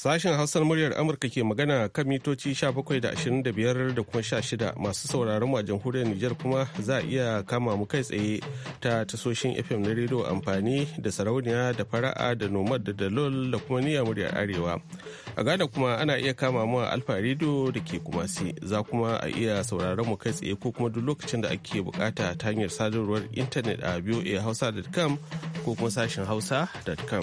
Sashen Hausar muryar Amurka ke magana kan mitoci 17 da 25 da kuma 16 masu sauraron mu a jamhuriyar Nijar kuma za a iya kama mu kai tsaye ta tasoshin FM na rediyo amfani da sarauniya da fara'a da nomad da dalol da kuma niyya muryar Arewa. A gada kuma ana iya kama mu a Alfa rediyo da ke kuma si za kuma a iya sauraron mu kai tsaye ko kuma duk lokacin da ake bukata ta hanyar sadarwar intanet a voahausa.com ko kuma sashen hausa.com.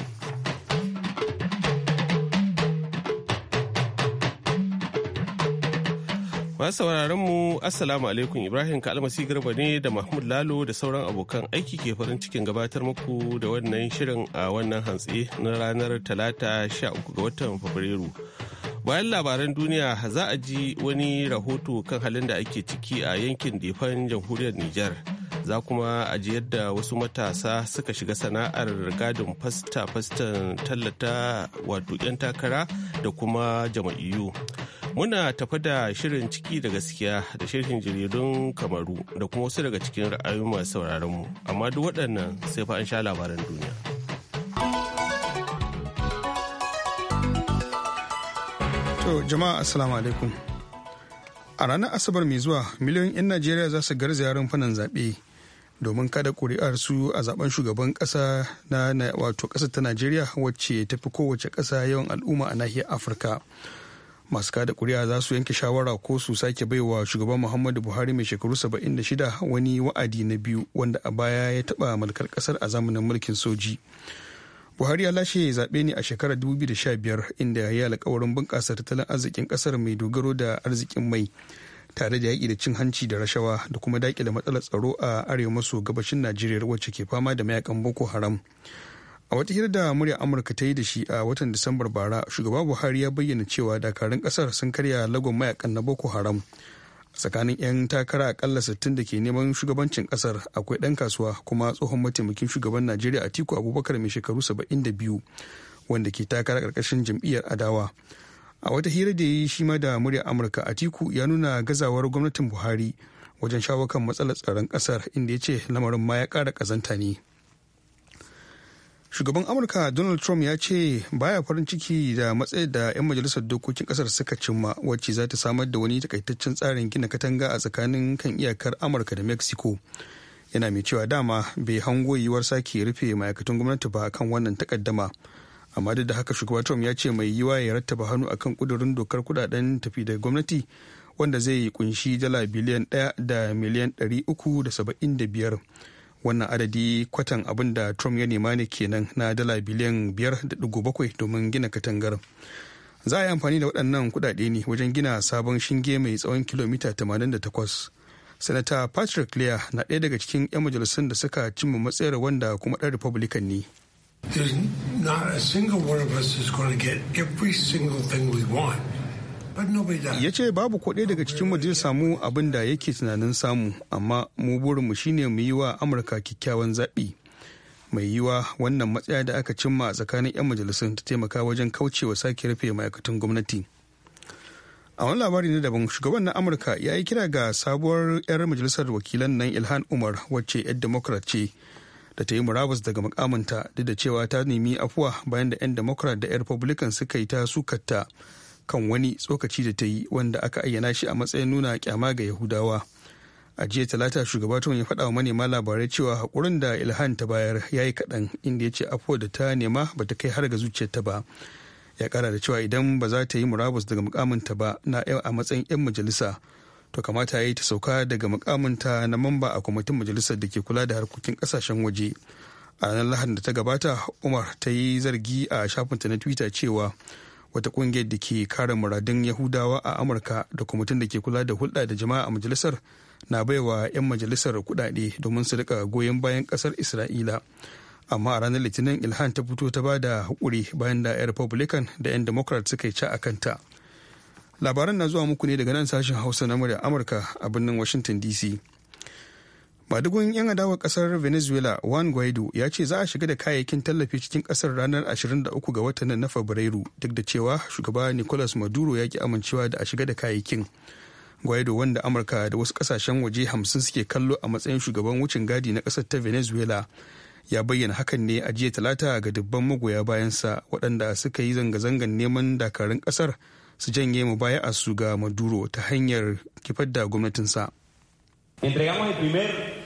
Masu sauraron mu Assalamu alaikum Ibrahim Kalmasi Garba ne da Mahmud Lalo da sauran abokan aiki ke farin cikin gabatar muku da wannan shirin a wannan hantsi na ranar Talata 13 ga watan Fabrairu. Bayan labaran duniya za a ji wani rahoto kan halin da ake ciki a yankin Defan jamhuriyar Nijar. Za kuma a ji yadda wasu matasa suka shiga sana'ar gadin fasta-fastan tallata wato 'yan takara da kuma jama'iyyu. Muna tafa da shirin ciki da gaskiya da shirin jaridun kamaru da kuma wasu daga cikin ra'ayoyin masu sauraron mu. Amma duk waɗannan sai fa an sha labaran duniya. To jama'a assalamu alaikum. A ranar Asabar mai zuwa miliyoyin 'yan Najeriya za su garzaya fannin zaɓe domin kada su a zaben shugaban kasa na wato ƙasa ta Najeriya wacce ta fi kowace ƙasa yawan al'umma a nahiyar Afirka. masu kada kuri'a za su yanke shawara ko su sake baiwa shugaban muhammadu buhari mai shekaru 76 wani wa'adi na biyu wanda a baya ya taba malkar kasar a zamanin mulkin soji buhari ya lashe zaɓe ne a shekarar 2015 inda ya yi alkawarin bunƙasa tattalin arzikin kasar mai dogaro da arzikin mai tare da yaƙi da cin hanci da rashawa da kuma daƙile matsalar tsaro a arewa maso gabashin najeriya wacce ke fama da mayakan boko haram a wata hira da murya amurka ta yi da shi a watan disambar bara shugaba buhari ya bayyana cewa dakarun kasar sun karya lagon mayakan na boko haram tsakanin 'yan takara akalla 60 da ke neman shugabancin kasar akwai ɗan kasuwa kuma tsohon mataimakin shugaban najeriya tiku abubakar mai shekaru 72 wanda ke takara karkashin jam'iyyar adawa a wata hira da ya yi shi ma da murya amurka a tiku ya nuna gazawar gwamnatin buhari wajen shawo kan matsalar tsaron kasar inda ya ce lamarin ma ya ƙara ƙazanta ne. shugaban amurka donald trump ya ce baya farin ciki da matsayi da 'yan majalisar dokokin kasar suka cimma wacce za ta samar da wani takaitaccen tsarin gina katanga a tsakanin kan iyakar amurka da mexico yana mai cewa dama bai hango yiwuwar sake rufe ma'aikatan gwamnati ba kan wannan takaddama amma duk da haka shugaban trump ya ce mai yiwa ya rattaba hannu akan kudurin dokar kudaden tafi da gwamnati wanda zai kunshi dala biliyan 1 da miliyan 375 wannan adadi kwatan abin da trump ya nema ne kenan na dala biliyan 5.7 domin gina katangar za a yi amfani da waɗannan kuɗaɗe ne wajen gina sabon shinge mai tsawon kilomita 88 sanata patrick lea na ɗaya daga cikin 'yan majalisun da suka cimma matsayar wanda kuma ɗan republican ne There's not a single one of us is going to get every single thing we want. ya ce babu kuɗi daga cikin mu samu abin da yake tunanin samu amma mu burinmu shine mu yi wa amurka kyakkyawan zaɓi mai yiwa wannan matsaya da aka cimma a tsakanin 'yan majalisun ta taimaka wajen kaucewa sake rufe ma'aikatan gwamnati a wani labari na daban shugaban na amurka ya yi kira ga sabuwar 'yar majalisar wakilan nan ilhan umar wacce 'yan democrat ce da ta yi murabus daga mukamanta duk da cewa ta nemi afuwa bayan da 'yan democrat da 'yan republican suka yi ta sukatta kan wani tsokaci da ta yi wanda aka ayyana shi a matsayin nuna kyama ga yahudawa a jiya talata shugaba ya faɗa wa manema labarai cewa haƙurin da ilhan ta bayar ya yi kaɗan inda ya ce afuwa da ta nema ba ta kai har ga zuciyarta ba ya ƙara da cewa idan ba za ta yi murabus daga ta ba na yau a matsayin 'yan majalisa to kamata ya yi ta sauka daga mukaminta na mamba a kwamitin majalisar da ke kula da harkokin ƙasashen waje a ranar lahadin da ta gabata umar ta yi zargi a shafinta na twitter cewa wata kungiyar da ke kare muradun yahudawa a amurka da kwamitin da ke kula da hulɗa da jama'a a majalisar na baiwa 'yan majalisar kuɗaɗe domin su rika goyon bayan ƙasar isra'ila amma a ranar litinin ilhan ta fito ta ba da haƙuri bayan da 'yan republican da 'yan democrat suka yi ca a kanta labaran na zuwa muku ne daga nan sashen hausa na murya amurka a birnin washington dc madugun yan adawa kasar venezuela juan guaido ya ce za a shiga da kayayyakin tallafi cikin kasar ranar 23 ga watan na fabrairu duk da cewa shugaba nicolas maduro ya ki amincewa da a shiga da kayayyakin guaido wanda amurka da wasu kasashen waje 50 suke kallo a matsayin shugaban wucin gadi na kasar ta venezuela ya bayyana hakan ne a jiya talata ga dubban magoya bayansa waɗanda suka yi zanga-zangan neman dakarun kasar su janye mu baya a su ga maduro ta hanyar kifar da gwamnatinsa. Entregamos el primer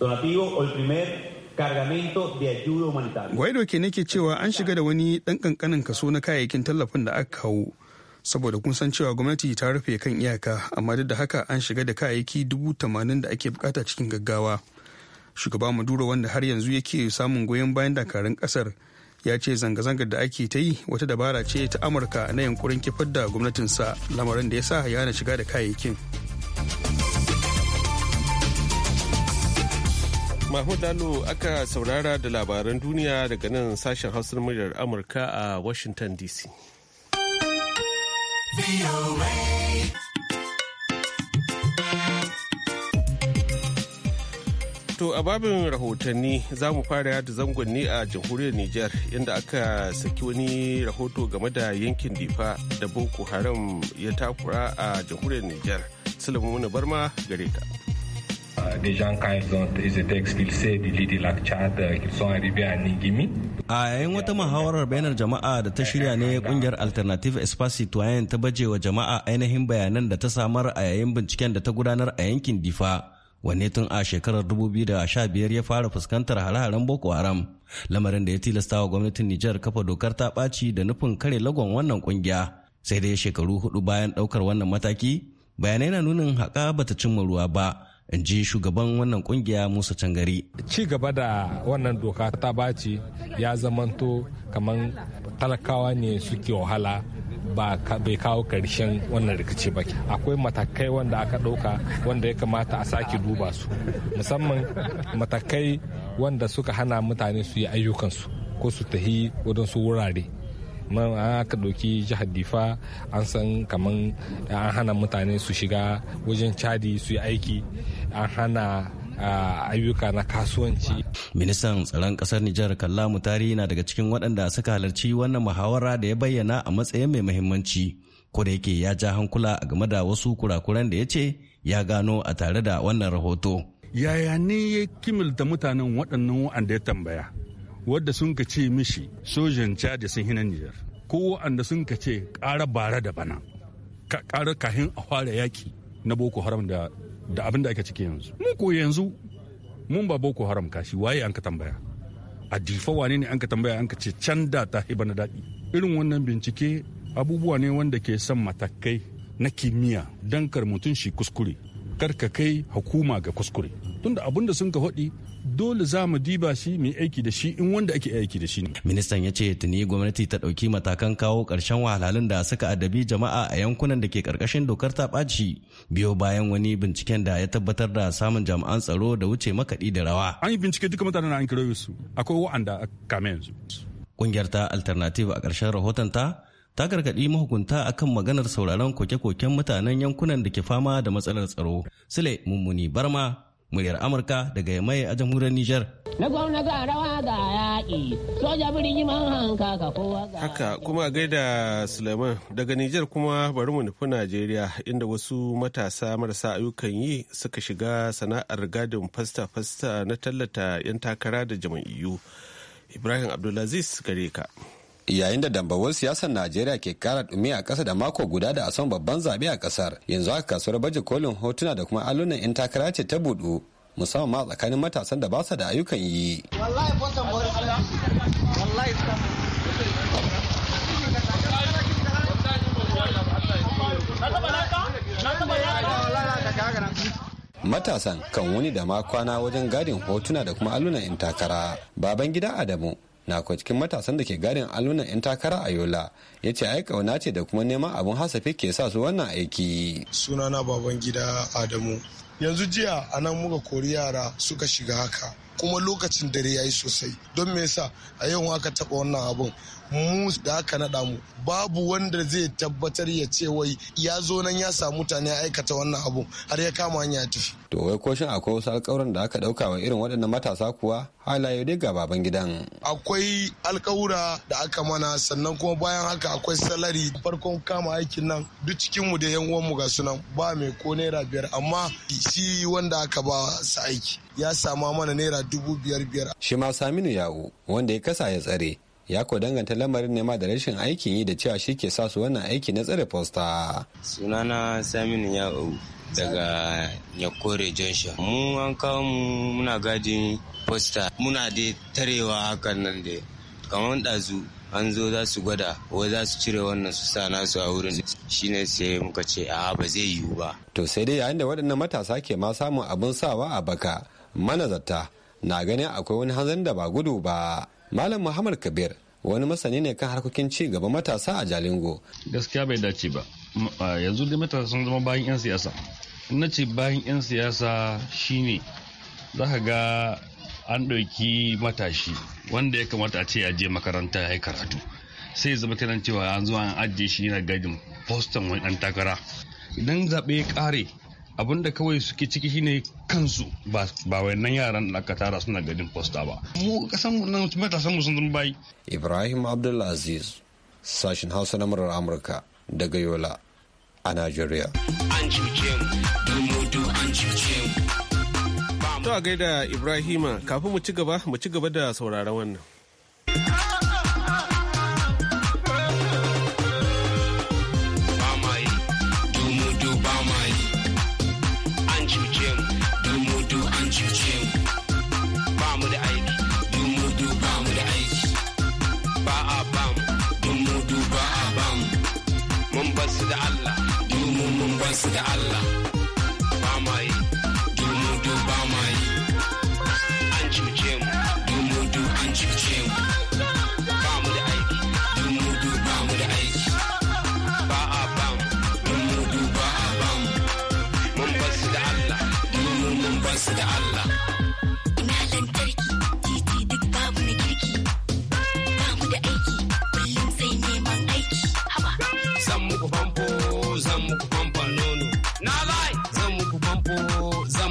donativo o el primer cargamento de ayuda humanitaria. Guaido ke nake cewa an shiga da wani ɗan ƙanƙanin kaso na kayayyakin tallafin da aka kawo. Saboda kun san cewa gwamnati ta rufe kan iyaka, amma duk da haka an shiga da kayayyaki dubu tamanin da ake bukata cikin gaggawa. Shugaba Maduro wanda har yanzu yake samun goyon bayan dakarun kasar ya ce zanga-zangar da ake ta yi wata dabara ce ta Amurka na yankurin kifar da gwamnatinsa lamarin da ya sa ya na shiga da kayayyakin. Mahmud Lalo aka saurara da labaran duniya daga nan sashen hausar muryar Amurka a Washington DC. To a babin rahotanni za mu fara yadda zangon ne a jamhuriyar Nijar inda aka saki wani rahoto game da yankin Difa da Boko Haram ya takura a jamhuriyar Nijar. Sulaimu Barma gare ka. Euh, des gens quand ils, ont, ils étaient expulsés du lit de lac Tchad, euh, qu'ils sont arrivés à Nigimi. A yayin wata muhawarar bayanar jama'a da ta shirya ne kungiyar Alternative Espace Citoyen ta baje wa jama'a ainihin bayanan da ta samar a yayin binciken da ta gudanar a yankin Difa. Wanne tun a shekarar 2015 ya fara fuskantar hare-haren Boko Haram, lamarin da ya tilasta wa gwamnatin Nijar kafa dokar ta ɓaci da nufin kare lagon wannan kungiya. Sai dai shekaru hudu bayan ɗaukar wannan mataki, bayanai na nunin haka bata cimma ruwa ba, in ji shugaban wannan kungiya musa cangari ci gaba da wannan doka ta baci ya zamanto kamar talakawa ne suke wahala ba bai kawo karshen wannan rikici ba akwai matakai wanda aka ɗauka wanda ya kamata a sake duba su musamman matakai wanda suka hana mutane su yi ayyukansu ko su tahi wadansu wurare man aka ɗauki jihar difa an san kaman an hana mutane su shiga wajen cadi su yi aiki an hana ayyuka na kasuwanci. Ministan tsaron ƙasar Nijar Kalla Mutari na daga cikin waɗanda suka halarci wannan muhawara da ya bayyana a matsayin mai muhimmanci. Ko yake ya ja hankula a game da wasu kurakuran da ya ce ya gano a tare da wannan rahoto. Yaya ne ya kimilta mutanen waɗannan waɗanda ya tambaya? Wadda sun ka ce mishi sojan caji sun hina Nijar. Ko waɗanda sun ka ce ƙara bara da bana. Ƙara kahin a fara yaƙi na Boko Haram da da abin da ake ciki yanzu mu ko yanzu mun ba boko haram kashi waye an ka tambaya a difa wane ne an ka tambaya an ka ce can da ta hiba na daɗi irin wannan bincike abubuwa ne wanda ke son matakai na kimiyya don kar mutum shi kuskure kar ka kai hukuma ga kuskure tunda abun da sun ka faɗi dole za mu diba shi mai aiki da shi in wanda ake aiki da shi ne. Ministan ya ce tuni gwamnati ta ɗauki matakan kawo ƙarshen wahalhalun da suka addabi jama'a a yankunan da ke ƙarƙashin dokar ta ɓaci biyo bayan wani binciken da ya tabbatar da samun jami'an tsaro da wuce makaɗi da rawa. An yi bincike duka mutanen an kira su akwai wa'anda kame yanzu. Ƙungiyar ta Alternative a ƙarshen rahoton ta ta gargaɗi mahukunta kan maganar sauraron koke-koken mutanen yankunan da ke fama da matsalar tsaro. Sule Mummuni Barma muryar amurka daga yamai a jamhuriyar nijar na gwamna rawa yaƙi soja haka kuma gaida suleiman daga nijar kuma bari mu nufi najeriya inda wasu matasa marasa ayyukan yi suka shiga sana'ar gadin fasta-fasta na tallata 'yan takara da jama'iyyu ibrahim abdulaziz gareka. yayin da dambawar siyasar najeriya ke kara dumi a kasa da mako guda da ason babban zabe a kasar yanzu haka kasuwar baje kolin hotuna da kuma alunan yan takara ce ta budu musamman ma tsakanin matasan da ba su da ayyukan yi matasan kan wuni da ma kwana wajen gadin hotuna da kuma alunan yan takara baban gida adamu na ko cikin matasan da ke gadin alunan 'yan takara a yola ya ce ai kauna ce da kuma neman abin hasafi ke sa su wannan aiki sunana baban gida adamu yanzu jiya a nan muka kori yara suka shiga haka kuma lokacin dare ya yi sosai don me yasa a yau aka taba wannan abun mu da haka naɗa mu babu wanda zai tabbatar ya ce wai ya zo nan ya samu mutane aikata wannan abun har ya kama hanya ya tafi. to wai ko shin akwai wasu alƙawuran da aka ɗauka wa irin waɗannan matasa kuwa halaye dai ga baban gidan. akwai alkawura da aka mana sannan kuma bayan haka akwai salari farkon kama aikin nan duk cikin mu da yan uwan mu ga sunan ba mai ko naira biyar amma shi wanda aka ba su aiki ya samu mana naira dubu biyar biyar. shi ma saminu yawo wanda ya kasa ya tsare ya ko danganta lamarin nema da rashin aikin yi da cewa shi ke sa su wannan aiki na tsare posta. sunana saminu yawo daga yakore junction mu an kawo mu muna gadin posta muna da tarewa hakan nan da kamar ɗazu an zo za su gwada wai za su cire wannan su sa nasu a wurin shine sai muka ce a ba zai yiwu ba to sai dai yayin da waɗannan matasa ke ma samun abin sawa a baka manazarta na ganin akwai wani hanzar da ba gudu ba malam muhammad kabir wani masani ne kan harkokin ci gaba matasa a jalingo gaskiya bai dace ba yanzu dai matasa sun zama bayan 'yan siyasa na ce bayan 'yan siyasa shine za ka ga an ɗauki matashi wanda ya kamata a ce ya je makaranta ya yi karatu sai zama kiran cewa an zuwa an ajiye shi yana gadin boston wani ɗan takara idan zaɓe ya ƙare abin da kawai suke ciki shine kansu ba wai nan yaran da aka tara suna ganin posta ba mu kasan nan matasan mu sun zama bayi ibrahim abdulaziz sashin hausa na murar amurka daga yola a Najeriya. an cuce mu gaida Ibrahima kafin mu ci gaba mu ci gaba da sauraron wannan.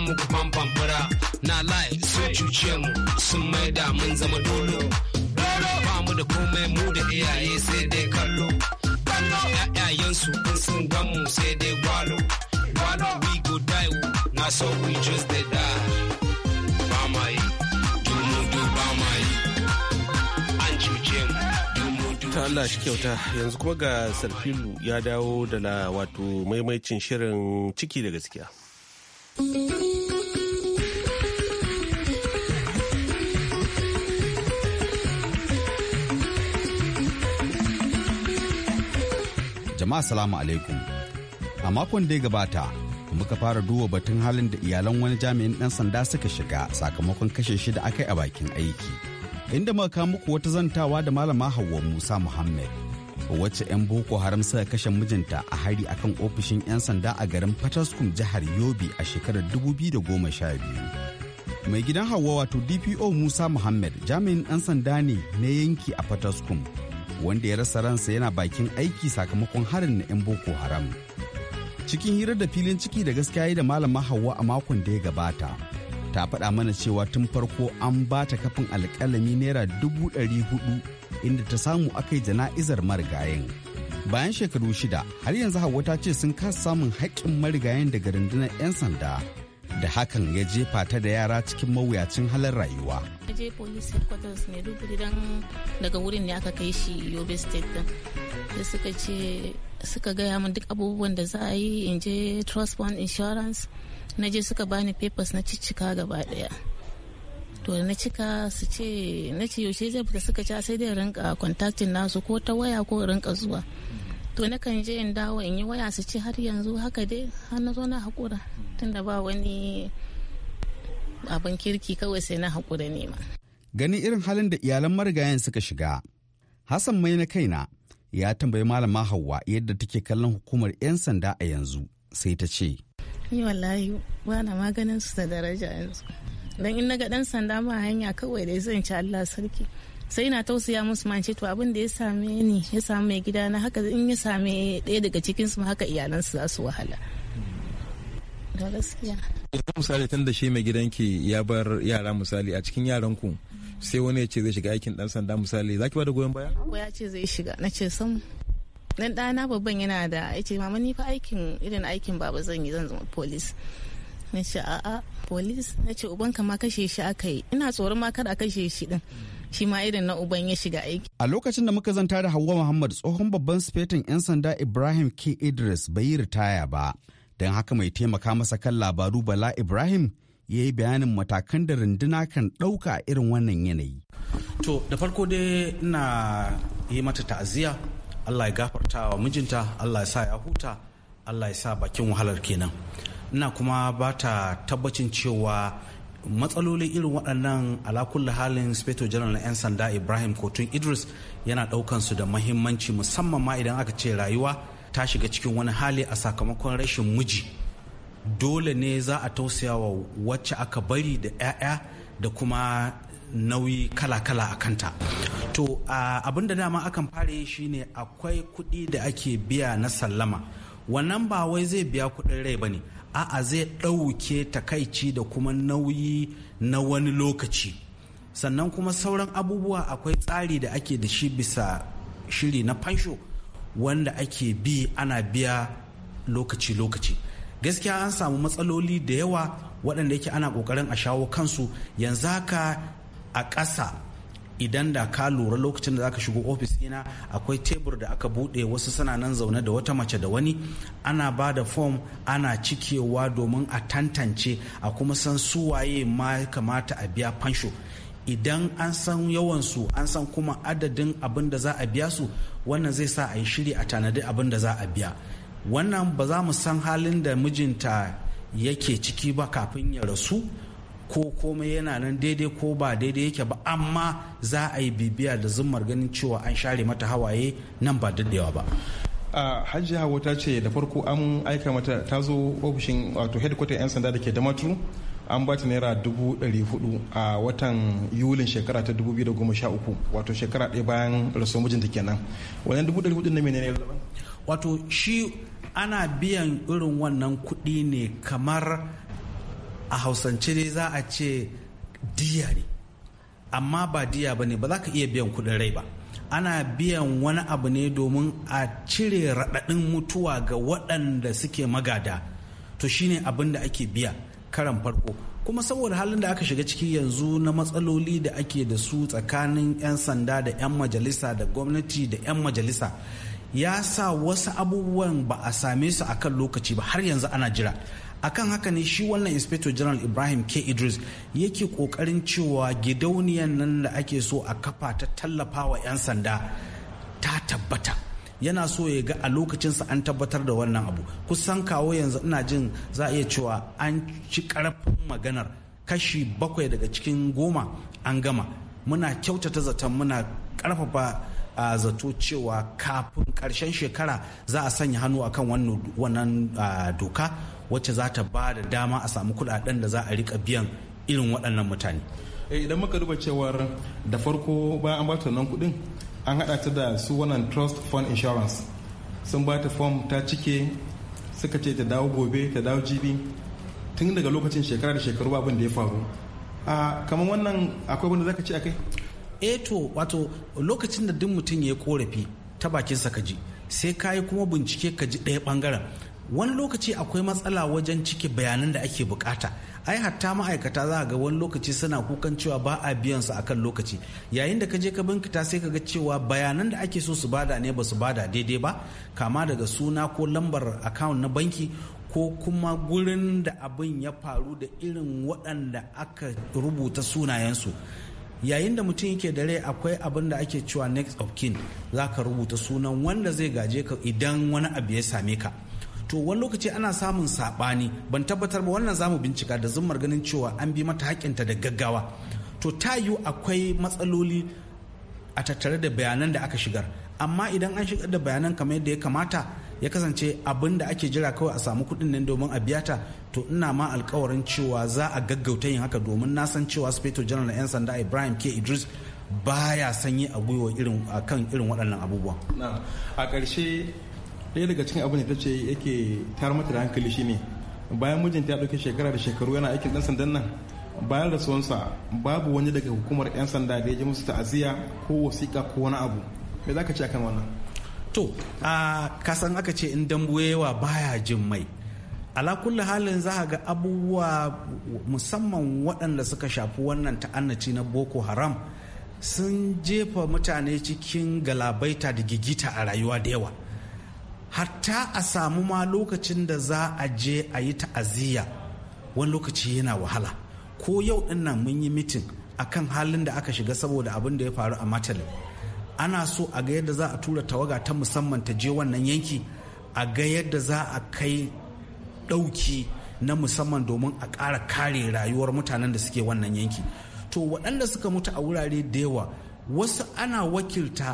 muku famfan fura na lai sun cuce mu sun maida mun zama dolo dolo ba mu da komai mu da iyaye sai dai kallo kallo in sun gan mu sai dai gwalo gwalo we go die na so we just dey die Allah shi kyauta yanzu kuma ga Sarfilu ya dawo da na wato maimaicin shirin ciki da gaskiya. jama'a salamu alaikum a makon da ya gabata muka fara duba batun halin da iyalan wani jami'in dan sanda suka shiga sakamakon kashe shi da aka yi a bakin aiki inda muka kawo muku wata zantawa da malama Hauwa Musa Muhammad wacce 'yan Boko Haram suka kashe mijinta a hari akan ofishin 'yan sanda a garin Fataskum jihar Yobe a shekarar da goma sha biyu. Mai gidan Hauwa wato DPO Musa Muhammad jami'in 'yan sanda ne na yanki a Fataskum wanda ya rasa ransa yana bakin aiki sakamakon harin na 'yan boko haram cikin hirar da filin ciki da gaskiya da malama hawa a makon da ya gabata ta faɗa mana cewa tun farko an ba ta kafin alƙalami naira dubu ɗari hudu inda ta samu aka yi jana'izar marigayen bayan shekaru shida har yanzu hawa ta ce sun kasa samun haƙƙin marigayen daga rundunar 'yan sanda da hakan ya jefa ta da yara cikin mawuyacin halar rayuwa. Ya je police headquarters duk daga wurin ne aka kai shi Yobe State din. Da suka ce suka gaya min duk abubuwan da za a yi in je Trust Fund Insurance na je suka bani papers na ciccika gaba daya. to na cika su ce na ce yaushe zai fita suka ci ah, sai dai rinka contacting nasu ko ta waya ko rinka zuwa to na kan je in dawo in yi waya su ce har yanzu haka dai har na zo na hakura tunda ba wani abin kirki kawai sai na haƙura nema. Ganin irin halin da iyalan marigayen suka shiga, Hassan mai na kaina ya tambayi malama Hauwa yadda take kallon hukumar 'yan sanda a yanzu sai ta ce. Ni wallahi ba na maganin su da daraja yanzu. Dan in naga dan sanda ma hanya kawai da zan ci Allah sarki. Sai na tausaya musu man ce to abin da ya same ni ya same mai gida na haka in ya same ɗaya daga cikin cikinsu haka iyalansu za su wahala. da gaskiya yanzu misali tun da shi mai gidanki ya bar yara misali a cikin yaran ku sai wani ya ce zai shiga aikin dan sanda misali za ba da goyon baya ko ya ce zai shiga na ce sam dan ɗana babban yana da ya ce mama ni fa aikin irin aikin baba zan yi zan zama polis. na ce a'a polis na ce uban ka ma kashe shi aka yi ina tsoron ma kada a kashe shi din shi ma irin na uban ya shiga aiki. A lokacin da muka zanta da Hauwa Muhammad tsohon babban sifetin 'yan sanda Ibrahim K. Idris bai yi ritaya ba. don haka mai taimaka masa kan labaru bala ibrahim ya yi bayanin matakan da runduna kan ɗauka a irin wannan yanayi to da farko dai ina yi mata ta'aziyya allah ya gafarta wa mijinta allah ya sa ya huta allah ya sa bakin wahalar kenan ina kuma ba ta tabbacin cewa matsaloli irin waɗannan alakulli halin speto general na 'yan sanda ibrahim kotun idris yana ɗaukansu da mahimmanci musamman ma idan aka ce rayuwa ta shiga cikin wani hali a sakamakon rashin miji dole ne za a tausaya wa wacce aka bari da 'ya'ya da kuma nauyi kala-kala a kanta to abin da dama akan fara yi shine akwai kuɗi da ake biya na sallama wannan ba wai zai biya kuɗin rai ba ne a'a zai ɗauke takaici da kuma nauyi na wani lokaci sannan kuma sauran abubuwa akwai tsari da ake da shi bisa shiri na fansho wanda ake bi ana biya lokaci-lokaci gaskiya an samu matsaloli da yawa waɗanda yake ana ƙoƙarin a shawo kansu yanzu haka a ƙasa idan da ka lura lokacin da zaka shigo ofis ina akwai tebur da aka buɗe wasu suna nan zaune da wata mace da wani ana ba da fom ana cikewa domin a tantance a kuma san su waye ma kamata a biya fansho idan an san yawansu an san kuma adadin abin da za a biya su wannan zai sa a yi shiri a tanadi abin da za a biya wannan ba za mu san halin da mijinta yake ciki ba kafin ya rasu ko komai yana nan daidai ko ba daidai yake ba amma za a yi bibiya da zumar ganin cewa an share mata hawaye nan ba daɗewa ba a hajji hawa ta ce da farko an aika mata ta zo ofishin wato headquarter 'yan sanda da ke damatu an bata naira dubu ɗari hudu a watan yulin shekara ta dubu biyu da goma sha uku wato shekara ɗaya bayan rasuwar mijinta kenan wannan dubu ɗari hudu na ne. wato shi ana biyan irin wannan kuɗi ne kamar a hausance ne za a ce diya ne amma ba diya ba ne ba za ka iya biyan kuɗin rai ba ana biyan wani abu ne domin a cire raɗaɗin mutuwa ga waɗanda suke magada to shine abin da ake biya karan farko kuma saboda halin da aka shiga ciki yanzu na matsaloli da ake da su tsakanin 'yan sanda da 'yan majalisa da gwamnati da 'yan majalisa ya sa wasu abubuwan ba a same su akan lokaci ba har yanzu ana jira akan haka ne shi wannan inspector general ibrahim k idris yake kokarin cewa gidauniyan nan da ake so a kafa ta tallafa wa 'yan sanda ta tabbata yana so ya ga a lokacinsa an tabbatar da wannan abu kusan kawo yanzu ina jin za a iya cewa an ci karfin maganar kashi bakwai daga cikin goma an gama muna kyautata zaton muna karfafa a zato cewa kafin karshen shekara za a sanya hannu akan wannan doka wacce za ta ba da dama a samu kudaden da za a rika biyan irin waɗannan mutane eh, idan muka duba cewar da farko bayan an ba nan kuɗin an haɗa ta da su wannan trust fund insurance sun ba ta form ta cike suka ce ta dawo gobe ta dawo jibi tun daga lokacin shekara da shekaru abin da ya faru a kamar wannan akwai wanda zaka ce kai. eh to wato lokacin da duk mutum ya korafi ta bakin sa kaji sai kayi kuma bincike kaji ɗaya bangaren wani lokaci akwai matsala wajen cike bayanan da ake bukata ai hatta ma'aikata za ga wani lokaci suna kukan cewa ba a biyan su akan lokaci yayin da ka je ka binkita sai ka ga cewa bayanan da ake so su bada ne ba su bada daidai ba kama daga suna ko lambar account na banki ko kuma gurin da abin ya faru da irin waɗanda aka rubuta sunayensu yayin da mutum yake da rai akwai abin da ake cewa next of kin za ka rubuta sunan wanda zai gaje ka idan wani abu ya same ka to wani lokaci ana samun sabani ban tabbatar ba wannan zamu bincika da zummar ganin cewa an bi mata hakinta da gaggawa to ta yiwu akwai matsaloli a tattare da bayanan da aka shigar amma idan an shigar da bayanan kamar yadda ya kamata ya kasance abin da ake jira kawai a samu kuɗin nan domin a biya ta to ina ma alkawarin cewa za a gaggauta yin haka domin na san cewa speto general 'yan sanda ibrahim k idris baya sanyi a gwiwa kan irin waɗannan abubuwa a ƙarshe ɗaya daga cikin abin da ta ce yake tayar mata da hankali shine bayan mijinta ya ɗauke shekara da shekaru yana aikin ɗan sandan nan bayan sonsa babu wani daga hukumar 'yan sanda da ya ji musu ta'aziyya ko wasiƙa ko wani abu me za ka ce akan wannan to a kasan aka ce in dambu yawa baya jin mai ala kulli halin za ga abubuwa musamman waɗanda suka shafi wannan ta'annaci na boko haram sun jefa mutane cikin galabaita da gigita a rayuwa da yawa hatta a samu ma lokacin da za a je a yi ta'aziyya wani lokaci yana wahala ko yau din nan mun yi mitin a kan halin da aka shiga saboda abin da ya faru a matalin ana so a ga yadda za a tura tawaga ta musamman ta je wannan yanki a ga yadda za a kai ɗauki na musamman domin a ƙara kare rayuwar mutanen da suke wannan yanki to waɗanda suka mutu a wurare da yawa wasu ana wakilta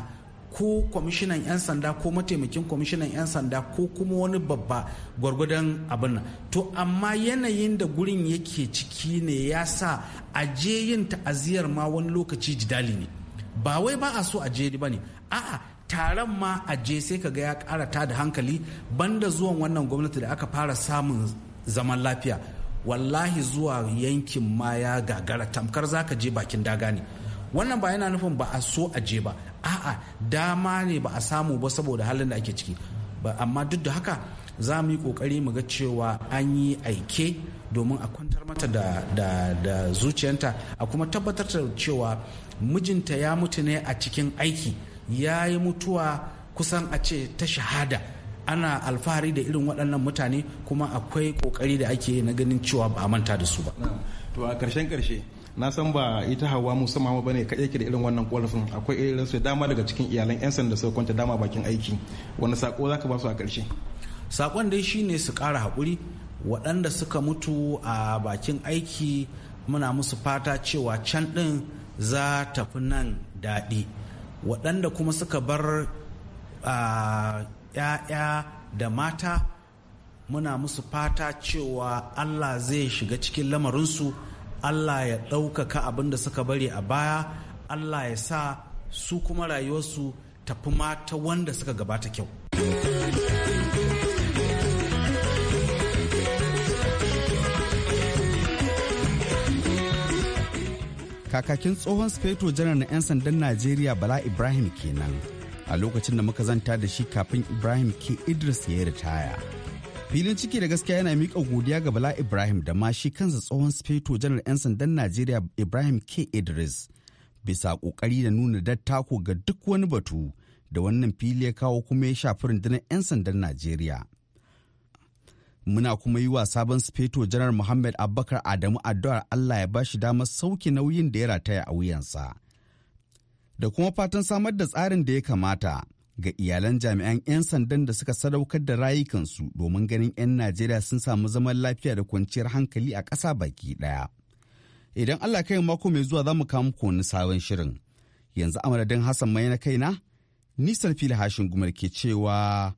ko kwamishinan 'yan sanda ko mataimakin kwamishinan 'yan sanda ko kuma wani babba gwargwadon abin to amma yanayin da gurin yake ciki ne ya sa a je yin ta'aziyar ma wani lokaci jidali ne ba wai ba a so a je ba ne a'a taron ma a je sai ka ga ya ƙara ta da hankali banda zuwan wannan gwamnati da aka fara samun zaman lafiya wallahi zuwa yankin ma ya gagara tamkar zaka je bakin daga ne wannan ba yana nufin ba a so a je ba a'a dama ne ba a samu ba saboda halin da ake ciki ba amma duk da haka za mu yi kokari mu ga cewa an yi aike domin a kwantar mata da, da, da zuciyanta a kuma tabbatar da cewa mijinta ya mutu ne a cikin aiki ya yi mutuwa kusan a ce ta shahada ana alfahari da irin waɗannan mutane kuma akwai kokari da ake na ganin cewa ba a manta da su ba to a ƙarshen ƙarshe na san ba ita hawa musamman ba ne ka ke da irin wannan ƙorafin akwai irin su dama daga cikin iyalan 'yan sanda suka kwanta dama bakin aiki wani sako zaka ka ba su a karshe sakon dai shine su kara hakuri waɗanda suka mutu a bakin aiki muna musu fata cewa can ɗin za ta nan daɗi waɗanda kuma suka bar ‘ya'ya da mata muna musu fata cewa allah zai shiga cikin lamarinsu allah ya ɗaukaka abin da suka bari a baya allah ya sa su kuma rayuwarsu tafi mata wanda suka gabata kyau kakakin tsohon speto janar na 'yan sandan najeriya bala ibrahim kenan a lokacin da muka zanta da shi kafin ibrahim ke idris ya yi ritaya filin ciki da gaskiya yana miƙa godiya ga bala ibrahim da ma shi kansa tsohon sufeto janar 'yan sandan najeriya ibrahim k idris bisa ƙoƙari da nuna dattako ga duk wani batu da wannan fili ya kawo kuma ya shafi rundunar 'yan sandan najeriya muna kuma yi wa sabon sufeto janar muhammad abubakar adamu addu'ar allah ya shi damar sauke nauyin da ya rataya a wuyansa da kuma fatan samar da tsarin da ya kamata ga iyalan jami'an 'yan sandan da suka sadaukar da rayukansu domin ganin 'yan Najeriya sun samu zaman lafiya da kwanciyar hankali a ƙasa baki ɗaya. Idan Allah kai mako mai zuwa za mu kawo muku wani sabon shirin. Yanzu amaradin Hassan mai na kaina, nisan fili hashin gumar ke cewa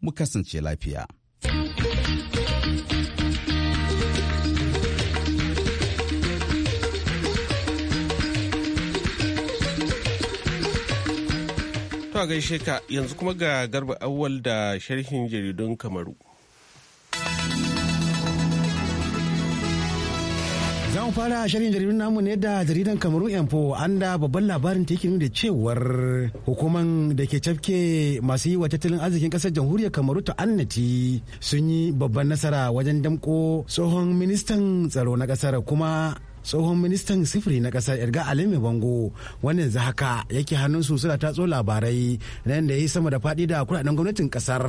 mu kasance lafiya. To a gaishe ka yanzu kuma ga garba awwal da sharhin jaridun Kamaru. za mu fara shirin jaridun namu ne da jaridan kamaru info an da babban labarin ta yake da cewar hukuman da ke cafke masu yi wa tattalin arzikin kasar jamhuriyar kamaru ta annati sun yi babban nasara wajen damko tsohon ministan tsaro na kasar kuma tsohon ministan sifiri na kasar irga alimi Bango wanda yanzu haka yake hannun su suna tatso labarai nan da ya yi sama da faɗi da kuɗaɗen gwamnatin kasar.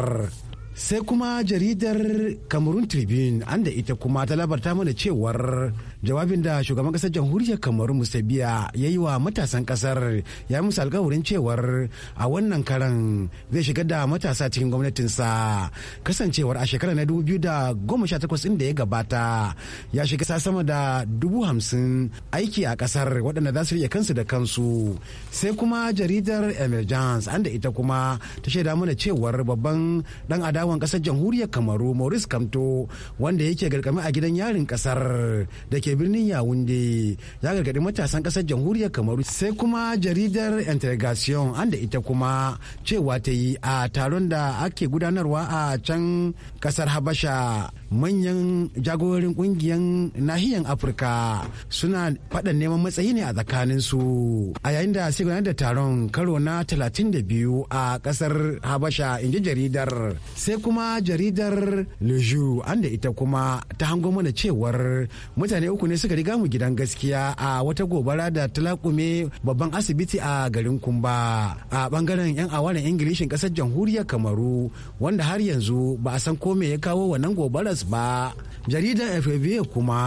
sai kuma jaridar cameroon tribune an da ita kuma ta labarta mana cewar jawabin da shugaban kasar jamhuriyar cameroon musabiya ya yi wa matasan kasar ya musu alkawarin cewar a wannan karan zai shiga da matasa cikin gwamnatinsa kasancewar a shekarar na 2018 da ya gabata ya shiga sama da dubu hamsin aiki a kasar waɗanda za su riƙe kansu da kansu sai kuma jaridar emergence an da ita kuma ta shaida mana cewar babban dan adawa yawon kasar jamhuriyar kamaru maurice kamto wanda yake gargami a gidan yarin kasar da ke birnin yawunde ya gargadi matasan kasar jamhuriyar kamaru sai kuma jaridar intergation anda ita kuma cewa ta yi a taron da ake gudanarwa a can kasar habasha manyan jagororin kungiyan nahiyan afirka suna faɗan neman matsayi ne a tsakaninsu a yayin da sai da taron karo na 32 a kasar habasha in ji jaridar sai kuma jaridar leju anda ita kuma ta hango mana cewar mutane uku ne suka riga mu gidan gaskiya a wata gobara da talakume babban asibiti a garin kumba a bangaren 'yan awarin ingilishin ƙasar jamhuriyar kamaru wanda har yanzu ba a san ko me ya kawo wannan gobara Tilas ba. Jaridar kuma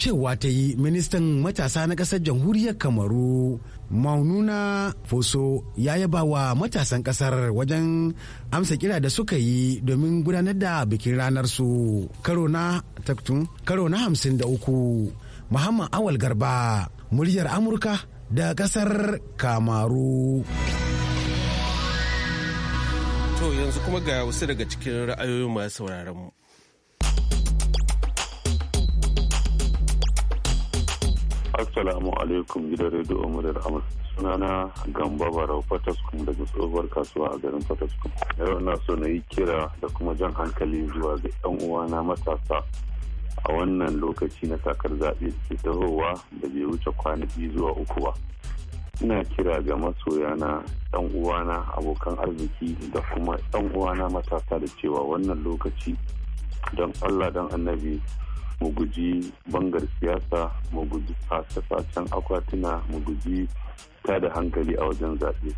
cewa ta yi ministan matasa na ƙasar jamhuriyar Kamaru Maununa Foso ya yaba wa matasan ƙasar wajen amsa kira da suka yi domin gudanar da bikin ranar su karo na taktun karo na hamsin da uku Muhammad Awal Garba muryar Amurka da ƙasar Kamaru. To yanzu kuma ga wasu daga cikin ra'ayoyin masu sauraron mu. Assalamu alaikum gidan rediyo Muryar Amas. Sunana Gamba Barau Fataskum daga tsohuwar kasuwa a garin Fataskum. Yau na so na yi kira da kuma jan hankali zuwa ga 'yan uwana matasa a wannan lokaci na takar zaɓe ke tahowa da bai wuce kwanaki zuwa uku ba. Ina kira ga masoya na 'yan uwana, abokan arziki da kuma 'yan uwana matasa da cewa wannan lokaci don Allah don annabi mu guji bangar siyasa mu guji facen akwatuna mu guji da hankali a wajen zaɓe.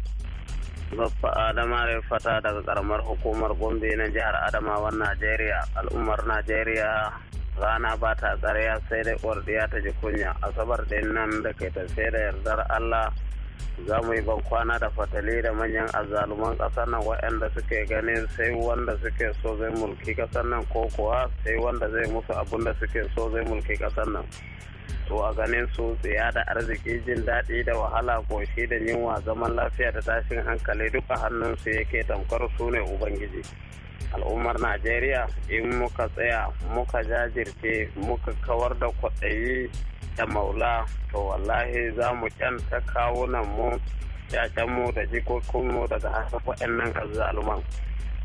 Baffa Adama Rai Fata daga karamar hukumar Gombe na jihar Adamawan Najeriya, al'ummar Najeriya rana ba ta tsariya sai dai ƙwarɗiya ta ji kunya, asabar ɗin nan da ke sai da yardar Allah za mu yi kwana da fatali da manyan azaluman ƙasar nan waɗanda suke ganin sai wanda suke so zai mulki ƙasar nan ko kuwa sai wanda zai musu abun da suke so zai mulki ƙasar nan to a ganin su tsaya da arziki jin daɗi da wahala koshi da yunwa zaman lafiya da tashin hankali duka su yake tamkar su ne ubangiji al'ummar najeriya in muka tsaya muka jajirce muka kawar da kwaɗayi da maula to wallahi za mu kyanta kawunan mu mu da mu daga hannun waɗannan kazzaluman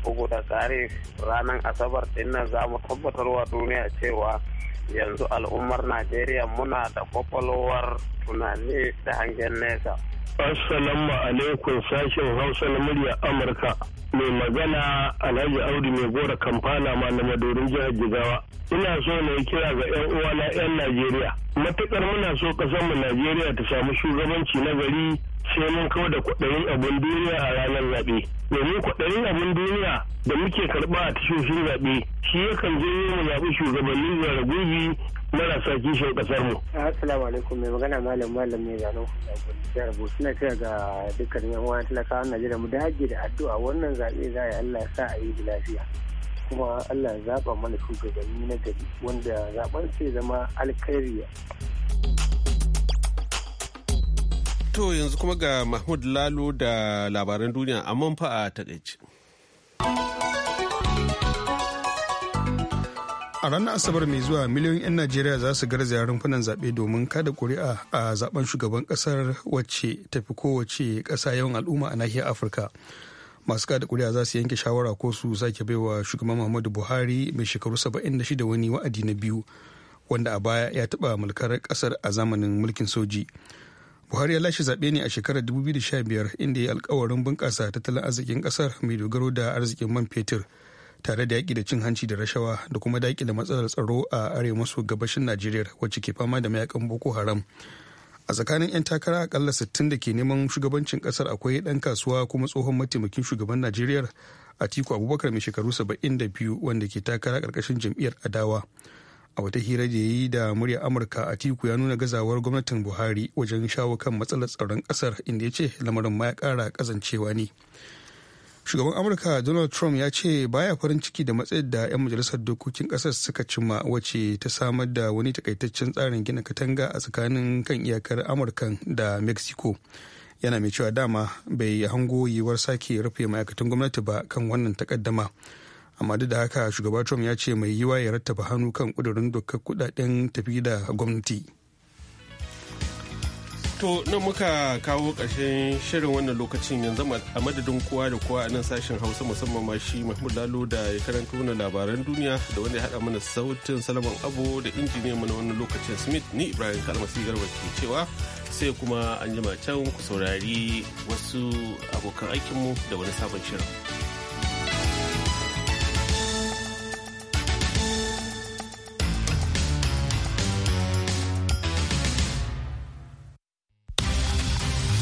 bugu da tsari ranar asabar din nan za mu tabbatar wa duniya cewa yanzu al'ummar najeriya muna da kwakwalwar tunani da hangen nesa assalamu alaikum sashen hausa na murya amurka mai magana alhaji audu mai gora kamfana ma na madorin jihar jigawa ina so na yi kira ga yan uwa na yan najeriya matuƙar muna so ƙasar mu najeriya ta samu shugabanci na gari sai mun kawo da kwaɗayin abin duniya a ranar zaɓe domin kwaɗayin abin duniya da muke karɓa a tashoshin zaɓe shi yakan je mu zaɓi shugabannin zara gurbi marasa kishin ƙasar mu. Assalamu alaikum mai magana malam malam mai zano jihar Bauchi na kira ga dukkanin yan talakawa na Najeriya mu dage da addu'a wannan zaɓe za a yi Allah sa a yi lafiya. kuma Allah zaɓa mana shugabanni na gari wanda zaɓen sai zama alkhairi To yanzu kuma ga Mahmud Lalo da labaran duniya a manfa a takaice. A ranar Asabar mai zuwa miliyoyin 'yan Najeriya za su garzaya rumfunan zaɓe domin kada ƙuri'a a zaben shugaban ƙasar wacce tafi kowace ƙasa yawan al'umma a nahiyar Afirka. Masu kada ƙuri'a za su yanke shawara ko su sake baiwa shugaban Muhammadu Buhari mai shekaru 76 wani wa'adi na biyu wanda a baya ya taɓa mulkar ƙasar a zamanin mulkin soji. buhari ya lashe zaɓe ne a shekarar 2015 inda ya yi alkawarin bunƙasa tattalin arzikin ƙasar mai dogaro da arzikin man fetur tare da yaƙi da cin hanci da rashawa da kuma daƙi da matsalar tsaro a arewa maso gabashin najeriya wacce ke fama da mayakan boko haram a tsakanin 'yan takara akalla 60 da ke neman shugabancin kasar akwai ɗan kasuwa kuma tsohon mataimakin shugaban najeriya atiku abubakar mai shekaru 72 wanda ke takara ƙarƙashin jam'iyyar adawa a wata hira da ya yi da murya amurka a tiku ya nuna gazawar gwamnatin buhari wajen shawo kan matsalar tsaron kasar inda ya ce lamarin ma ya kara kazancewa ne shugaban amurka donald trump ya ce baya farin ciki da matsayin da 'yan majalisar dokokin kasar suka cimma wace ta samar da wani takaitaccen tsarin gina katanga a tsakanin kan iyakar amurka da mexico yana mai cewa dama bai hango yiwuwar sake rufe ma'aikatan gwamnati ba kan wannan takaddama. amma duk da haka shugaba trump ya ce mai yiwa ya rattaba hannu kan kudurin dokar kudaden tafi da gwamnati to nan muka kawo ƙarshen shirin wannan lokacin yanzu a madadin kowa da kowa a nan sashen hausa musamman ma shi mahmud lalo da ya karanta wani labaran duniya da wanda ya haɗa mana sautin salaman abu da injiniyan mana wannan lokacin smith ni ibrahim kalmasi garba ke cewa sai kuma an jima can ku saurari wasu abokan aikinmu da wani sabon shirin.